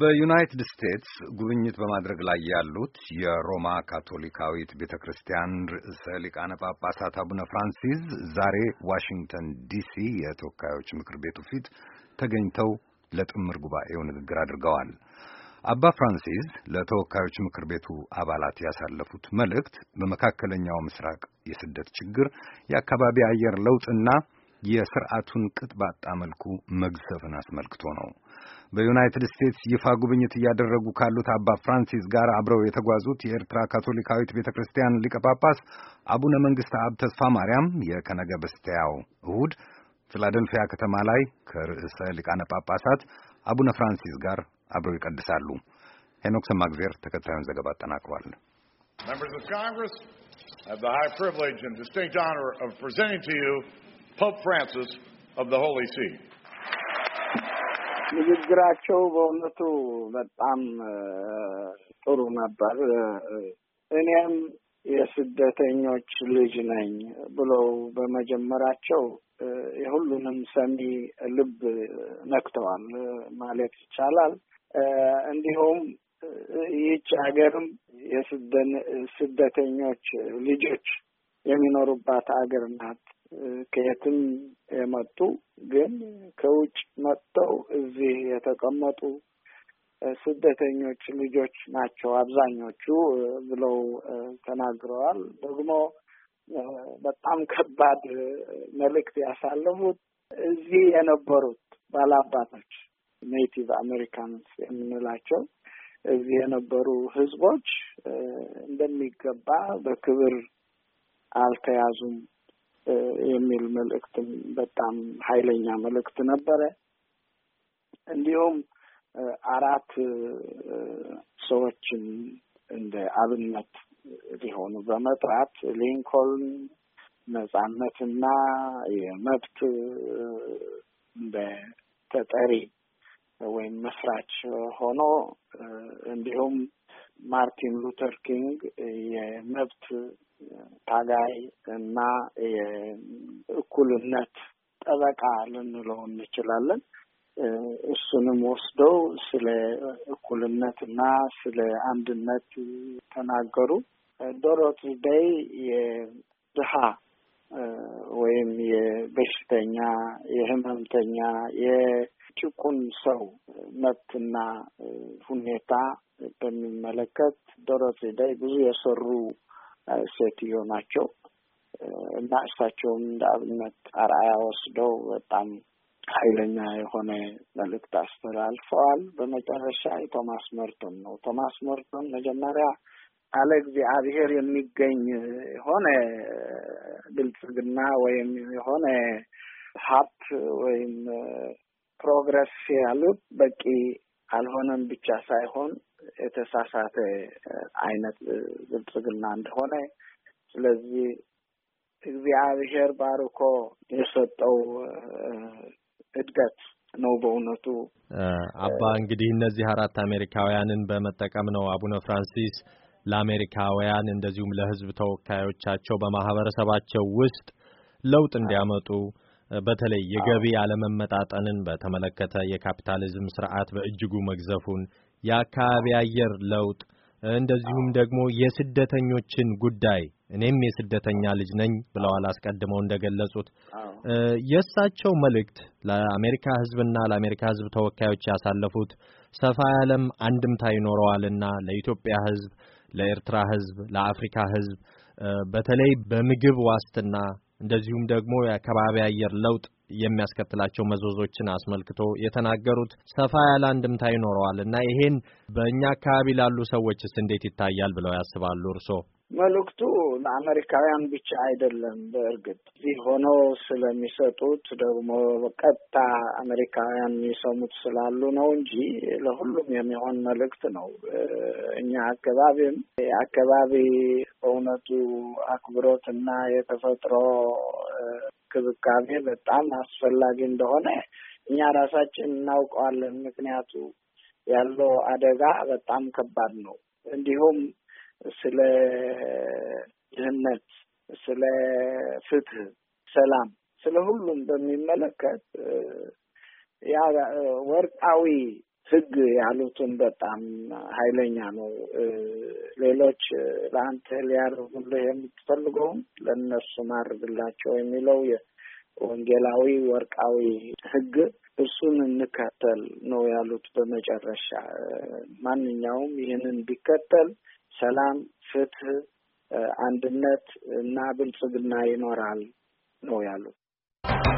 በዩናይትድ ስቴትስ ጉብኝት በማድረግ ላይ ያሉት የሮማ ካቶሊካዊት ቤተ ክርስቲያን ርዕሰ ሊቃነ ጳጳሳት አቡነ ፍራንሲስ ዛሬ ዋሽንግተን ዲሲ የተወካዮች ምክር ቤቱ ፊት ተገኝተው ለጥምር ጉባኤው ንግግር አድርገዋል። አባ ፍራንሲስ ለተወካዮች ምክር ቤቱ አባላት ያሳለፉት መልእክት በመካከለኛው ምስራቅ የስደት ችግር፣ የአካባቢ አየር ለውጥና የስርዓቱን ቅጥ ባጣ መልኩ መግዘፍን አስመልክቶ ነው። በዩናይትድ ስቴትስ ይፋ ጉብኝት እያደረጉ ካሉት አባ ፍራንሲስ ጋር አብረው የተጓዙት የኤርትራ ካቶሊካዊት ቤተ ክርስቲያን ሊቀ ጳጳስ አቡነ መንግስት አብ ተስፋ ማርያም የከነገ በስቲያው እሁድ ፊላደልፊያ ከተማ ላይ ከርዕሰ ሊቃነ ጳጳሳት አቡነ ፍራንሲስ ጋር አብረው ይቀድሳሉ። ሄኖክ ሰማግዜር ተከታዩን ዘገባ አጠናቅሯል። Members of Congress, have the high privilege and distinct honor of presenting to you Pope Francis of the Holy See. ንግግራቸው በእውነቱ በጣም ጥሩ ነበር። እኔም የስደተኞች ልጅ ነኝ ብለው በመጀመራቸው የሁሉንም ሰሚ ልብ ነክተዋል ማለት ይቻላል። እንዲሁም ይህች ሀገርም የስደተኞች ልጆች የሚኖሩባት ሀገር ናት ከየትም የመጡ ግን ከውጭ መጥተው እዚህ የተቀመጡ ስደተኞች ልጆች ናቸው አብዛኞቹ ብለው ተናግረዋል። ደግሞ በጣም ከባድ መልእክት ያሳለፉት እዚህ የነበሩት ባላባቶች ኔቲቭ አሜሪካንስ የምንላቸው እዚህ የነበሩ ህዝቦች እንደሚገባ በክብር አልተያዙም የሚል መልእክትም በጣም ኃይለኛ መልእክት ነበረ። እንዲሁም አራት ሰዎችን እንደ አብነት ሊሆኑ በመጥራት ሊንኮልን ነጻነትና የመብት እንደ ተጠሪ ወይም መስራች ሆኖ እንዲሁም ማርቲን ሉተር ኪንግ የመብት ታጋይ እና የእኩልነት ጠበቃ ልንለው እንችላለን። እሱንም ወስደው ስለ እኩልነት እና ስለ አንድነት ተናገሩ። ዶሮት ደይ የድሃ ወይም የበሽተኛ፣ የህመምተኛ የጭቁን ሰው መብትና ሁኔታ በሚመለከት ዶሮት ደይ ብዙ የሰሩ ሴትዮ ናቸው እና እሳቸውም እንደ አብነት አርአያ ወስደው በጣም ኃይለኛ የሆነ መልእክት አስተላልፈዋል። በመጨረሻ የቶማስ መርቶን ነው። ቶማስ መርቶን መጀመሪያ አለ እግዚአብሔር የሚገኝ የሆነ ብልጽግና ወይም የሆነ ሀብት ወይም ፕሮግረስ ያሉት በቂ አልሆነም ብቻ ሳይሆን የተሳሳተ አይነት ብልጽግና እንደሆነ ስለዚህ እግዚአብሔር ባርኮ የሰጠው እድገት ነው በእውነቱ። አባ እንግዲህ እነዚህ አራት አሜሪካውያንን በመጠቀም ነው አቡነ ፍራንሲስ ለአሜሪካውያን እንደዚሁም ለሕዝብ ተወካዮቻቸው በማህበረሰባቸው ውስጥ ለውጥ እንዲያመጡ በተለይ የገቢ አለመመጣጠንን በተመለከተ የካፒታሊዝም ስርዓት በእጅጉ መግዘፉን የአካባቢ አየር ለውጥ እንደዚሁም ደግሞ የስደተኞችን ጉዳይ እኔም የስደተኛ ልጅ ነኝ ብለዋል። አስቀድመው እንደገለጹት የእሳቸው መልእክት ለአሜሪካ ሕዝብና ለአሜሪካ ሕዝብ ተወካዮች ያሳለፉት ሰፋ ያለም አንድምታ ይኖረዋልና ለኢትዮጵያ ሕዝብ፣ ለኤርትራ ሕዝብ፣ ለአፍሪካ ሕዝብ በተለይ በምግብ ዋስትና እንደዚሁም ደግሞ የአካባቢ አየር ለውጥ የሚያስከትላቸው መዘዞችን አስመልክቶ የተናገሩት ሰፋ ያለ አንድምታ ይኖረዋል እና ይሄን በእኛ አካባቢ ላሉ ሰዎችስ እንዴት ይታያል ብለው ያስባሉ እርስዎ? መልእክቱ ለአሜሪካውያን ብቻ አይደለም። በእርግጥ እዚህ ሆነው ስለሚሰጡት ደግሞ ቀጥታ አሜሪካውያን የሚሰሙት ስላሉ ነው እንጂ ለሁሉም የሚሆን መልእክት ነው። እኛ አካባቢም የአካባቢ በእውነቱ አክብሮትና የተፈጥሮ እንክብካቤ በጣም አስፈላጊ እንደሆነ እኛ ራሳችን እናውቀዋለን። ምክንያቱ ያለው አደጋ በጣም ከባድ ነው። እንዲሁም ስለ ድህነት፣ ስለ ፍትህ፣ ሰላም፣ ስለ ሁሉም በሚመለከት ያ ወርቃዊ ህግ ያሉትን በጣም ኃይለኛ ነው። ሌሎች ለአንተ ሊያደርጉልህ የምትፈልገውም ለእነሱ ማድርግላቸው የሚለው ወንጌላዊ ወርቃዊ ህግ እሱን እንከተል ነው ያሉት። በመጨረሻ ማንኛውም ይህንን ቢከተል ሰላም፣ ፍትህ፣ አንድነት እና ብልጽግና ይኖራል ነው ያሉት።